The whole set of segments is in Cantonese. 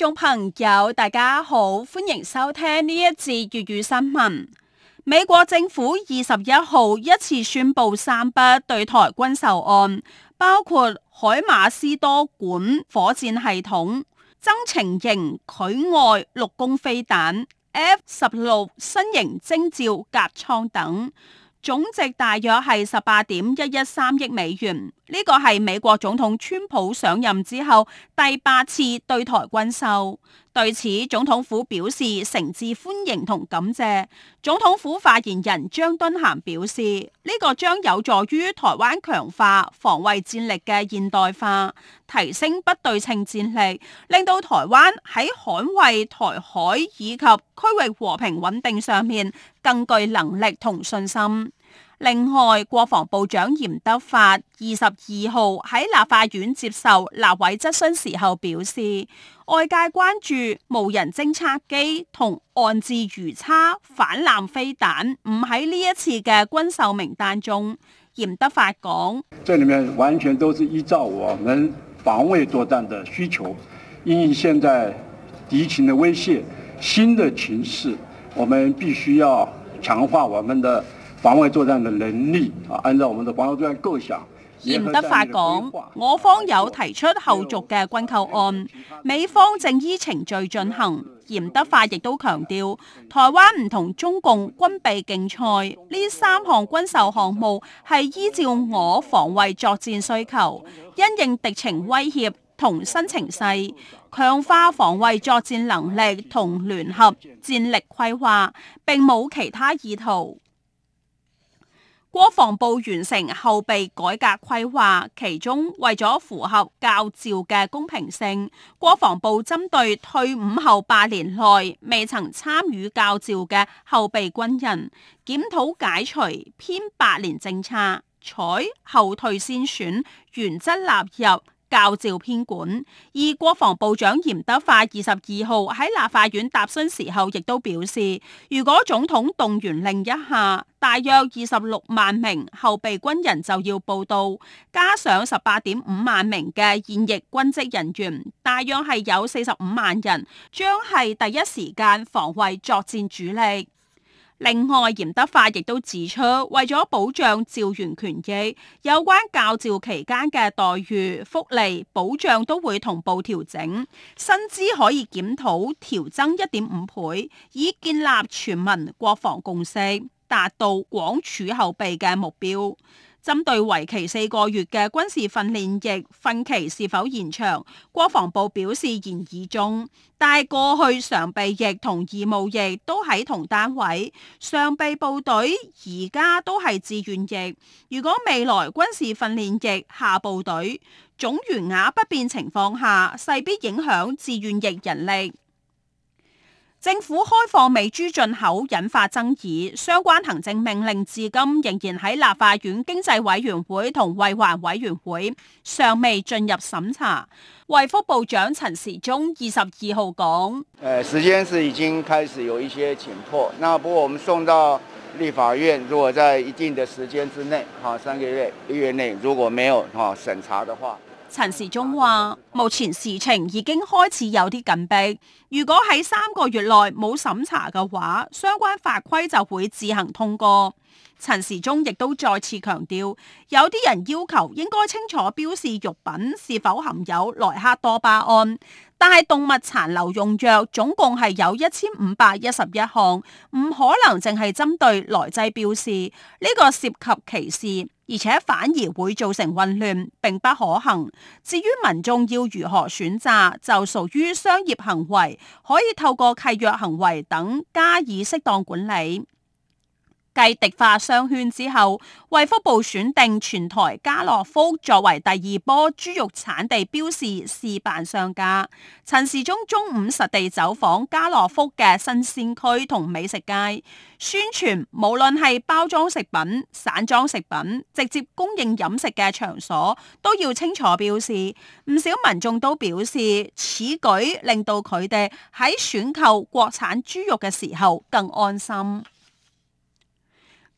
觀眾朋友，大家好，歡迎收聽呢一節粵語新聞。美國政府二十一號一次宣布三筆對台軍售案，包括海馬斯多管火箭系統、增程型距外陸攻飛彈、F 十六新型偵照莢艙等，總值大約係十八點一一三億美元。呢個係美國總統川普上任之後第八次對台軍售，對此總統府表示誠摯歡迎同感謝。總統府發言人張惇涵表示，呢、這個將有助於台灣強化防衛戰力嘅現代化，提升不對稱戰力，令到台灣喺捍衛台海以及區域和平穩定上面更具能力同信心。另外，國防部長嚴德發二十二號喺立法院接受立委質詢時候表示，外界關注無人偵察機同岸置魚叉反艦飛彈唔喺呢一次嘅軍售名單中。嚴德發講：這裡面完全都是依照我們防衛作戰的需求，因現在敵情的威脅、新的情勢，我們必須要強化我們的。防衛作戰的能力啊，按照我們的防衛作戰構想。嚴德發講，我方有提出後續嘅軍購案，美方正依程序進行。嚴德發亦都強調，台灣唔同中共軍備競賽，呢三項軍售項目係依照我防衛作戰需求，因應敵情威脅同新情勢，強化防衛作戰能力同聯合戰力規劃，並冇其他意圖。國防部完成後備改革規劃，其中為咗符合教召嘅公平性，國防部針對退伍後八年內未曾參與教召嘅後備軍人，檢討解除編八年政策，採後退先選原則納入。教召編管，而國防部長嚴德發二十二號喺立法院答詢時候，亦都表示，如果總統動員令一下，大約二十六萬名後備軍人就要報到，加上十八點五萬名嘅現役軍職人員，大約係有四十五萬人，將係第一時間防衛作戰主力。另外，嚴德發亦都指出，為咗保障召員權益，有關教召期間嘅待遇、福利、保障都會同步調整，薪資可以檢討調增一點五倍，以建立全民國防共識，達到廣儲後備嘅目標。針對為期四個月嘅軍事訓練役訓期是否延長，國防部表示研議中。但係過去常備役同義務役都喺同單位，常備部隊而家都係志願役。如果未來軍事訓練役下部隊總員額不變情況下，勢必影響志願役人力。政府開放美豬進口引發爭議，相關行政命令至今仍然喺立法院經濟委員會同衛環委員會尚未進入審查。衛福部長陳時中二十二號講：誒，時間是已經開始有一些緊迫。那不過我們送到立法院，如果在一定的時間之內，哈三個月一月內如果沒有審查的話。陳時中話，目前事情已經開始有啲緊迫，如果喺三個月內冇審查嘅話，相關法規就會自行通過。陳時中亦都再次強調，有啲人要求應該清楚標示肉品是否含有萊克多巴胺，但係動物殘留用藥總共係有一千五百一十一項，唔可能淨係針對來制標示，呢個涉及歧視，而且反而會造成混亂，並不可行。至於民眾要如何選擇，就屬於商業行為，可以透過契約行為等加以適當管理。繼迪化商圈之後，衛福部選定全台家樂福作為第二波豬肉產地標示試辦商家。陳時中中午實地走訪家樂福嘅新鮮區同美食街，宣傳無論係包裝食品、散裝食品，直接供應飲食嘅場所，都要清楚標示。唔少民眾都表示，此舉令到佢哋喺選購國產豬肉嘅時候更安心。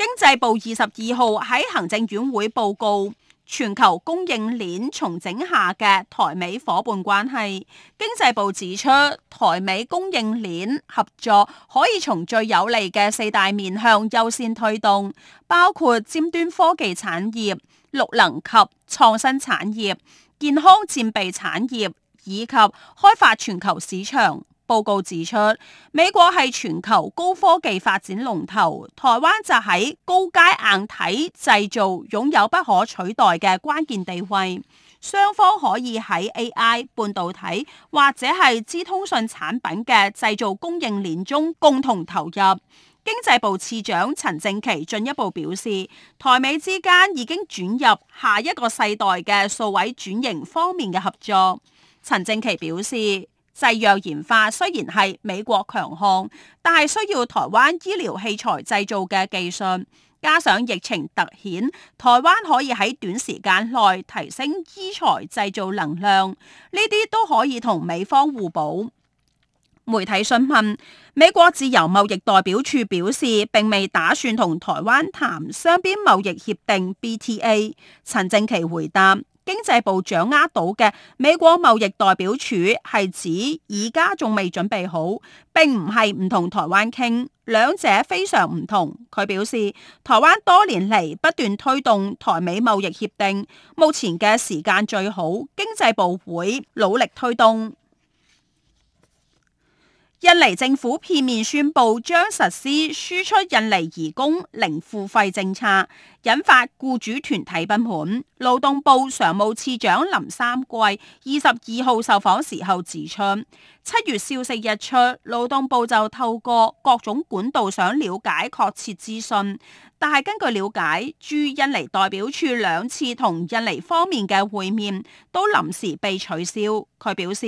經濟部二十二號喺行政院會報告全球供應鏈重整下嘅台美伙伴關係。經濟部指出，台美供應鏈合作可以從最有利嘅四大面向優先推動，包括尖端科技產業、綠能及創新產業、健康戰備產業以及開發全球市場。報告指出，美國係全球高科技發展龍頭，台灣就喺高階硬體製造擁有不可取代嘅關鍵地位。雙方可以喺 AI、半導體或者係資通訊產品嘅製造供應鏈中共同投入。經濟部次長陳正奇進一步表示，台美之間已經轉入下一個世代嘅數位轉型方面嘅合作。陳正奇表示。製藥研發雖然係美國強項，但係需要台灣醫療器材製造嘅技術，加上疫情突顯，台灣可以喺短時間內提升醫材製造能量，呢啲都可以同美方互補。媒體詢問美國自由貿易代表處表示，並未打算同台灣談雙邊貿易協定 （BTA）。陳正奇回答。經濟部掌握到嘅美國貿易代表處係指而家仲未準備好，並唔係唔同台灣傾，兩者非常唔同。佢表示，台灣多年嚟不斷推動台美貿易協定，目前嘅時間最好，經濟部會努力推動。印尼政府片面宣布將實施輸出印尼移工零付費政策，引發僱主團體不滿。勞動部常務次長林三桂二十二號受訪時候指出，七月消息一出，勞動部就透過各種管道想了解確切資訊。但係根據了解，駐印尼代表處兩次同印尼方面嘅會面都臨時被取消。佢表示，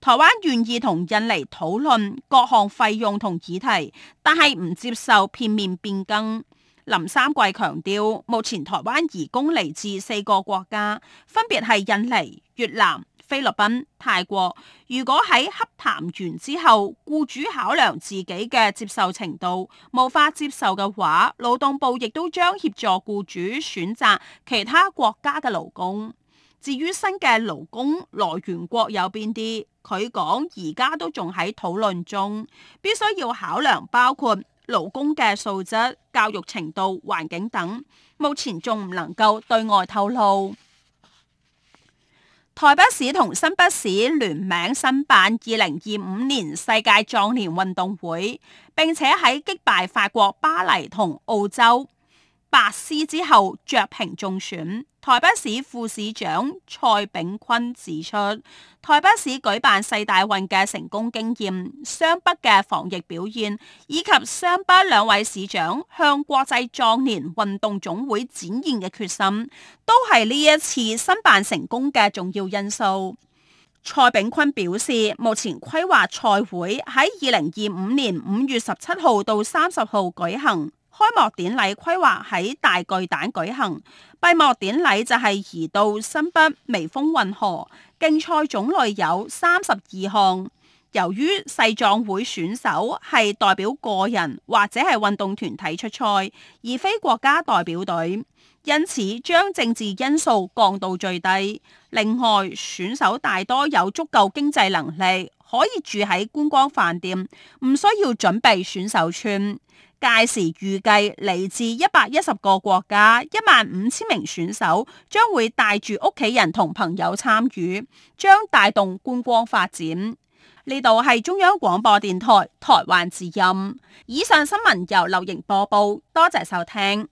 台灣願意同印尼討論各項費用同議題，但係唔接受片面變更。林三桂強調，目前台灣移工嚟自四個國家，分別係印尼、越南、菲律賓、泰國，如果喺洽談完之後，僱主考量自己嘅接受程度，無法接受嘅話，勞動部亦都將協助僱主選擇其他國家嘅勞工。至於新嘅勞工來源國有邊啲，佢講而家都仲喺討論中，必須要考量包括勞工嘅素質、教育程度、環境等，目前仲唔能夠對外透露。台北市同新北市聯名申辦二零二五年世界壯年運動會，並且喺擊敗法國巴黎同澳洲。白思之後，着平中選。台北市副市長蔡炳坤指出，台北市舉辦世大運嘅成功經驗、雙北嘅防疫表現，以及雙北兩位市長向國際壯年運動總會展現嘅決心，都係呢一次申辦成功嘅重要因素。蔡炳坤表示，目前規劃賽會喺二零二五年五月十七號到三十號舉行。開幕典禮規劃喺大巨蛋舉行，閉幕典禮就係移到新北微風運河。競賽種類有三十二項。由於世壯會選手係代表個人或者係運動團體出賽，而非國家代表隊，因此將政治因素降到最低。另外，選手大多有足夠經濟能力。可以住喺觀光飯店，唔需要準備選手村。屆時預計嚟自一百一十個國家，一萬五千名選手將會帶住屋企人同朋友參與，將帶動觀光發展。呢度係中央廣播電台，台灣之音。以上新聞由劉瑩播報，多謝收聽。